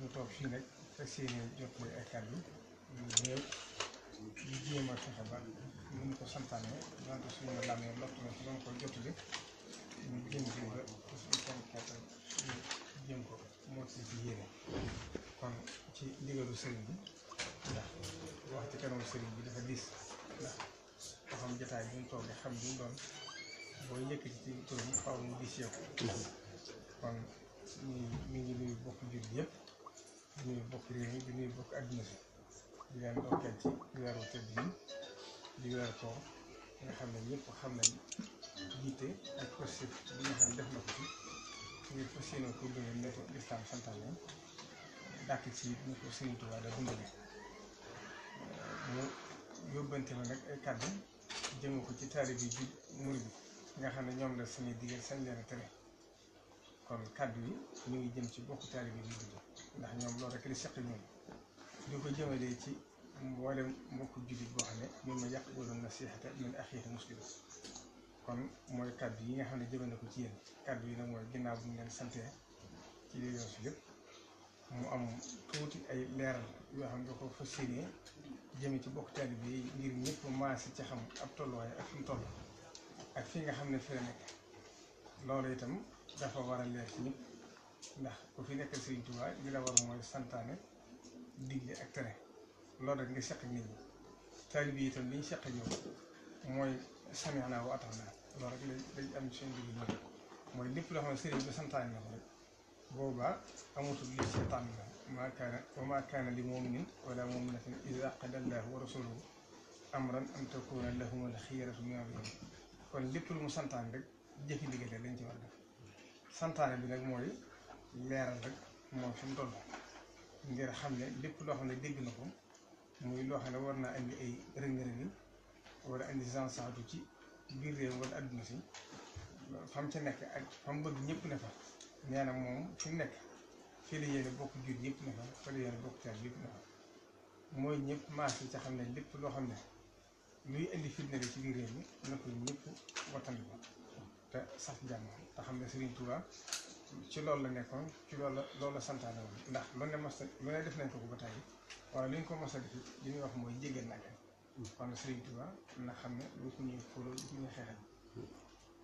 ñu toog fii nag fas yéene jot li ay kàddu yu néew di jéem a fexe ba ñu ko santaane donte suñu la làmmee lott na ci doon ko jotale ñu ñu jéem kon ci ndigalu sëriñ bi ndax wax ci kanamu sëriñ bi dafa diis ndax waxam jotaay bi mu toogee xam bi mu doon booy yëkkati ci turam faaw mu diis yow mm-hmm. kon ñu ngi nuyu bokk jur yëpp di nuyu bokk réew bokk adduna si di leen ndokkeel ci weeru tëdd yi di weer koor nga xam ne ñëpp xam nañ jiite ak positif bi nga xam def na ko ci ngir fas yéene ko dundal ne ko lislaam santaane ko Sëriñ Tuubaa da mu yóbbante ma nag ay kàddu jëme ko ci taalibe bi murid nga xam ne ñoom la suñuy digal sañ leen tere kon kàddu yi ñu ngi jëm ci bokk taalibe bi murid bi ndax ñoom loolu rek li seq ñoom di ko jëmalee ci mboolem mbokk jullit boo xam ne ñoom ma yàq waloon nasihata min axiihi muslim kon mooy kàddu yi nga xam ne jëmale ko ci yéen kàddu yi nag mooy ginnaaw bu mu leen sante ci li yoon si lépp mu am tuuti ay leeral yoo xam ne ko fas yéenee jëme ci bokk taalibe yi ngir ñëpp maasi ci xam ab tolluwaay ak fi mu toll ak fi nga xam ne fi la nekk loolu itam dafa war a leer ci ñëpp ndax ku fi nekkal Sëriñ Tuubaa li la war mooy santaane digle ak tere loolu rek nga seq nit ñi taalibe bi itam li ñu seq ñëw mooy samihaanaa wa ataanaa loolu rek lañ am ci seen digg loolu mooy lépp loo xam ne sëriñ bi santaane na ko rek boobaa amatul li seetaan la maa kaana wa maa kaana li mu'minin wala mu'minatin izaa qadaa Allaahu wa rasuluhu amran an takuuna lahumul xiyaratu min amrihim kon lépp lu mu santaane rek jëfi ndigal lañ ci war a def santaane bi nag mooy. leeral rek moom fi mu toll xam ne lépp loo xam ne dégg na ko muy loo xam ne war naa indi ay rëng-rëng yi wala indi sensibiliser ci biir réew wala fam ca nekk ak fam bëgg ñëpp ne fa nee na moom fi nekk fii la yéene bokk jur yëpp ne fa mooy ñëpp maas yi ca xam ne lépp loo xam ne luy indi fitna la ci biir réew mi na ko ñëpp wattandiku te sax jàmm te xam ne Serigne Touba. ci loolu la nekkoon ci loolu la loolu la santaane woon ndax lu ne mas lu ne def nañ ko ko ba tey waaye li ñu ko mas a def li ñuy wax mooy jéggal na leen kon Sëriñ Tuba xam ne lu ko ñuy fóoloo lu ko ñuy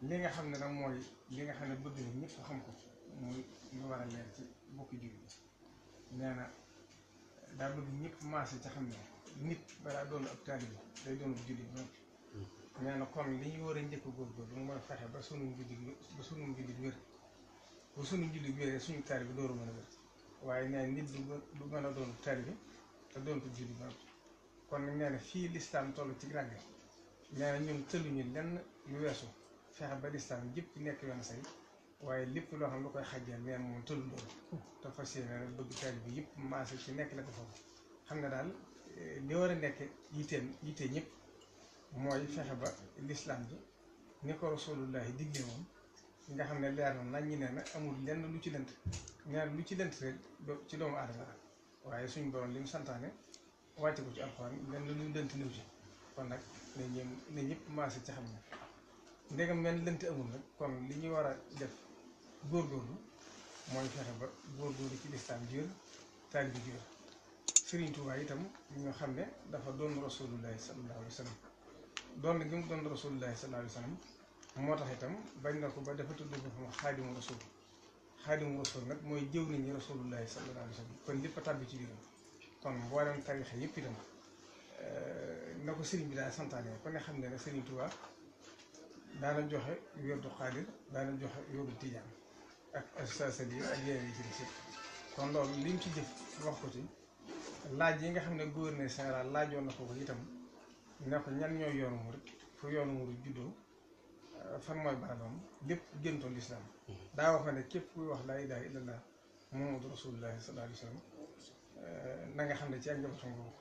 li nga xam ne nag mooy li nga xam ne bëgg na ñëpp xam ko war a leer ci bokki jiw bi nee na daa bëgg ñëpp maase ca xam ne nit balaa doon ab taalibe day doon julli ba noppi mm. nee na kon li ñu war a njëkk góorgóorlu mooy fexe ba sunu njulli ba sunu njulli wér bu suñu julli wéree suñu taalibe bi dooru mën a wér waaye nee nit du du mën a doon taalibe te doon ko julli ba kon nag nee na fii lislaam toll ci ràgg nee na ñun ñu lenn lu weesu fexe ba lislaam jëpp nekk yoon say waaye lépp loo xam lu koy xajjeel nee na moom tëlu loolu te fas yéene nag bëgg taalibe bi yëpp ci nekk la ko xam nga daal eh, li war a nekk yiteen yitee ñëpp mooy fexe ba lislaam bi ni ko rasulullahi digle moom nga xam ne leer na nañ ñi ne na amul lenn lu ci lënt nee lu ci lënt rek ci doomu aadama la waaye suñ borom li santaane wàcce ko ci alxuraan lenn lu lënt néew ci kon nag ne ñëm ne ñëpp maase ci xam ne ndegam men lënt amul nag kon li ñu war a def góorgóorlu mooy fexe ba góorgóorlu ci lislaam jiwér taal bi jiwér Sëriñ Tuubaa itam ñoo xam ne dafa doon rasulullahi sallallahu alayhi wa sallam doon gi mu doon rasulullahi sallallahu alayhi moo tax itam bañ na ko ba dafa tudd boppam xaadimu rasul xaadimu rasul nag mooy jëw nañu rasulullahi sallallahu alayhi wa sallam kon lépp a tàbbi ci kon mboolem tarixa yëpp itam eh, na ko sëriñ bi daal santaane ko ne xam ne nag sëriñ Tuubaa daana joxe wérdu xaadir daana joxe wérdu tijaan ak assasad yi ak yeneen yi ci des kon loolu li ci jëf wax ko ci laaj yi nga xam ne gouverneur général laajoon na ko ko itam ne ko ñan ñoo yoonu murit fu yoonu murit juddoo fan mooy barabam lépp géntoo lislaam daa wax ne képp kuy wax laa ilaaha illallah muhammadu rasulullahi sallallahu alayhi wa eh, na nga xam ne ci ak njabootam boobu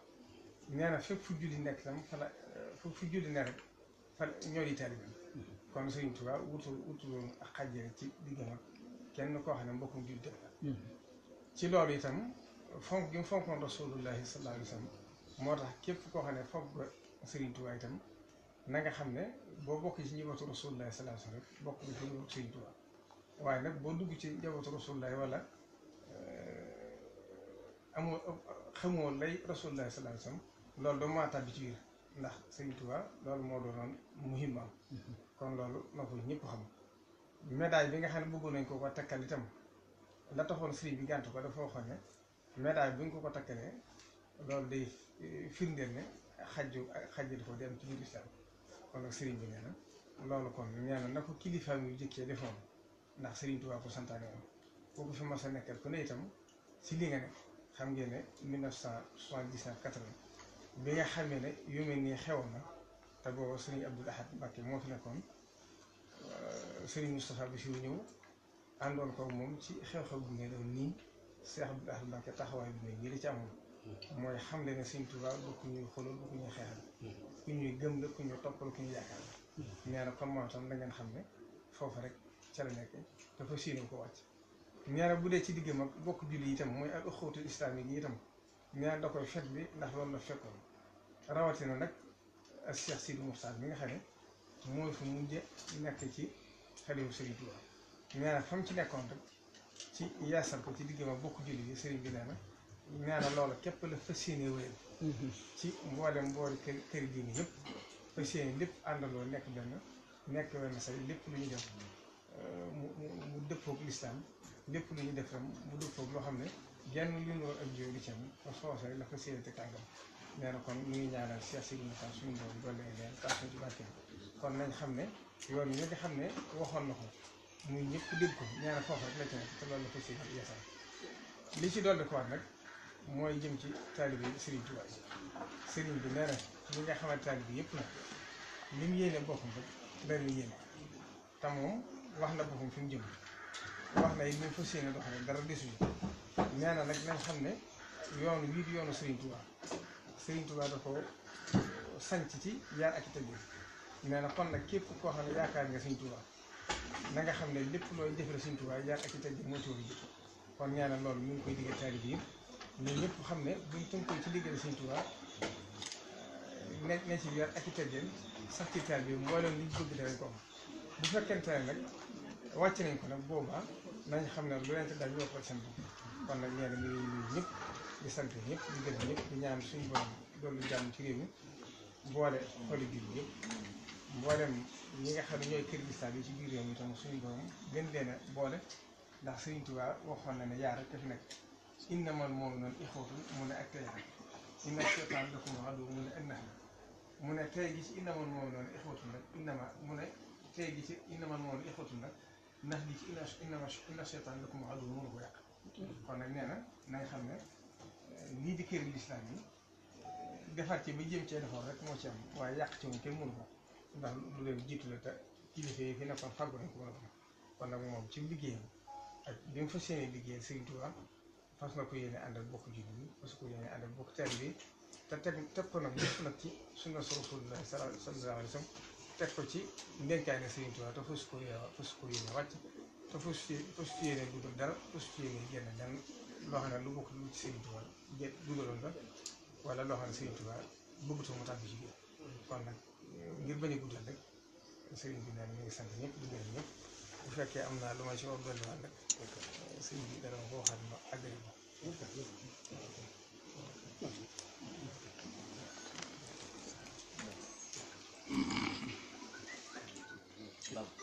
nee na fépp fu julli nekk tam fa la eh, fu julli ne rek fa ñoo di taalibe kon Sëriñ Tuubaa wutul wutuloon ak xàjjee ci diggam ak kenn koo xam ne mbokkum julli def la ci loolu itam fonk gi mu fonkoon rasulullahi sallallahu alayhi wa moo tax képp koo xam ne fonk Sëriñ Tuubaa itam na nga xam ne boo bokkee ci njabootu rasulullah sallallahu rek wa sallam bokk nga ci njabootu Sëriñ waaye nag boo dugg ci njabootu rasulullah wala eh, amoo xamoo lay rasulullah sallallahu loolu da maa ndax Sëriñ loolu moo doonoon muhim kon loolu na ko ñëpp xam médaille bi nga xam ne bëggoon nañ ko ko takkal itam la taxoon sëriñ bi gànt ko dafa waxoon ne médaille bi nga ko ko takkalee loolu day eh, firndeel ne xaj xajju dafa dem ci biir islam kon nag bi nee na loolu kon ñaanal na ko kilifaam yu jëkkee defoon ndax sëriñ Tuubaa ko santaane woon boo ko fi mas a ku ne itam si li nga ne xam ngeen ne 1979 80 bi nga xamee ne yu mel nii xewoon na te booba sëriñ Abdoul Ahad Mbacké moo fi nekkoon euh, sëriñ Moustapha bi fi ñëw àndoon ko moom ci xew-xew bu mel nii Cheikh Abdoul Ahad Mbacké taxawaay bu mel nii la ci amoon. mooy xamle ne sëñ Tuubaa bu ku ñuy xoolal bu ku ñuy xeexal ku ñuy gëm la ku ñuy toppal ku ñuy yaakaar ñaar kon moom tam da ngeen xam ne foofu rek ca la nekk dafa siinu ko wàcc ñaar bu dee ci digg mag bokk julli itam mooy ak xóotu islamique yi itam ñaar da koy fet bi ndax loolu la fekkoon rawatina nag ak Cheikh Sidi Moustapha nga xam ne mooy fu mujj nekk ci xaliwu Sëriñ Tuubaa ñaar fam ci nekkoon rek ci yaasal ko ci digg mag bokk julli yi sëriñ bi nee na nee na loolu képp la fas yéene wéyal mm-hmm. ci mboolem mboori kër kër diine yëpp fas yéene lépp àndaloo nekk benn nekk wenn say lépp lu ñu def euh, mu mu dëppoog lislaam lépp lu ñu def tam mu dëppoog loo xam ne genn li ñu ak jiw di ci am ba soosay la fas yéene kon mu ngi ñaanal Cheikh Sidi Moussa suñu mboolu doole leen taasu ci kon nañ xam ne yoon yi nga xam ne waxoon na ko muy ñëpp dégg ko ñaanal foofu rek la ci nekk te loolu la li ci dolli ko war mooy jëm ci taalibe Serigne Touba Serigne bi nee na li nga xamante taalibe yëpp nag li mu yéene boppam rek dana yéene te moom wax na boppam fi mu jëm wax na it ñu fas yéene doxale dara desu yi nee na nag xam ne yoon wii di yoonu Serigne Touba Serigne Touba da ko ci yaar ak i tëdd nee na kon nag képp koo xam ne yaakaar nga Serigne na nga xam ne lépp looy jëfale Serigne Touba yaar ak i loolu ñu koy digal taalibe ñu ñëpp xam ne buñ tënkoo ci liggéey Sëñ Tuubaa nekk ne ci yar ak i sax ci taal bi mboolem liñ bëgg danañ ko am bu fekkente ne nag wàcc nañ ko nag boobaa nañ xam ne lu leen te dal ñoo ko sant kon nag nee na ñu ngi sant ñëpp di gën ñaan suñu borom doolu jàmm ci réew mi mboole xoli biir yëpp mboolem ñi nga xam ne ñooy Kirgistan bi ci biir réew mi tam suñu borom gën leen a boole ndax Sëñ Tuubaa waxoon na ne yaar rek daf nekk. innamal mu'minuuna ixwatun mu ne ak tey la inna seytaan lakum aduwwun mu ne annax mu ne tey gi ci na mu'minuuna mu ne gi ci innamal mu'minuuna ixwatun nag ndax gi ci innama inna seytaan lakum aduwwun mënu ko yàq. kon nag na na nga xam ne eh, lii di këri lislaam yi eh, rek moo ci waaye yàq ci moom kenn mënu ko ndax lu leen jiitu la te kilifa yi fi nekkoon kon nag moom ci liggéeyam ak bi mu fas yéenee liggéeyal Sëriñ Tuubaa fas na ko yéene ànd ak bokk jullit yi fas ko yéene ànd ak bokk teel bi te teg ko nag lépp nag ci sunna rasulullah sallallahu teg ko ci ndenkaay na Sëriñ Tuubaa te fas ko yéene fas ko yéene wàcc te fas fas ci yéene dugal dara fas ci yéene génn dara loo xam ne lu bokk lu ci Sëriñ Tuubaa dugaloon la wala loo xam ne Sëriñ Tuubaa bëggatu mu tàbbi ci biir kon nag ngir bañ a guddal rek sëriñ bi naan mi ngi sant ñëpp di gërëm bu fekkee am naa lu ma ci war dolli waat rek sëñ bi dana ko waxaat ma àggali ma waaw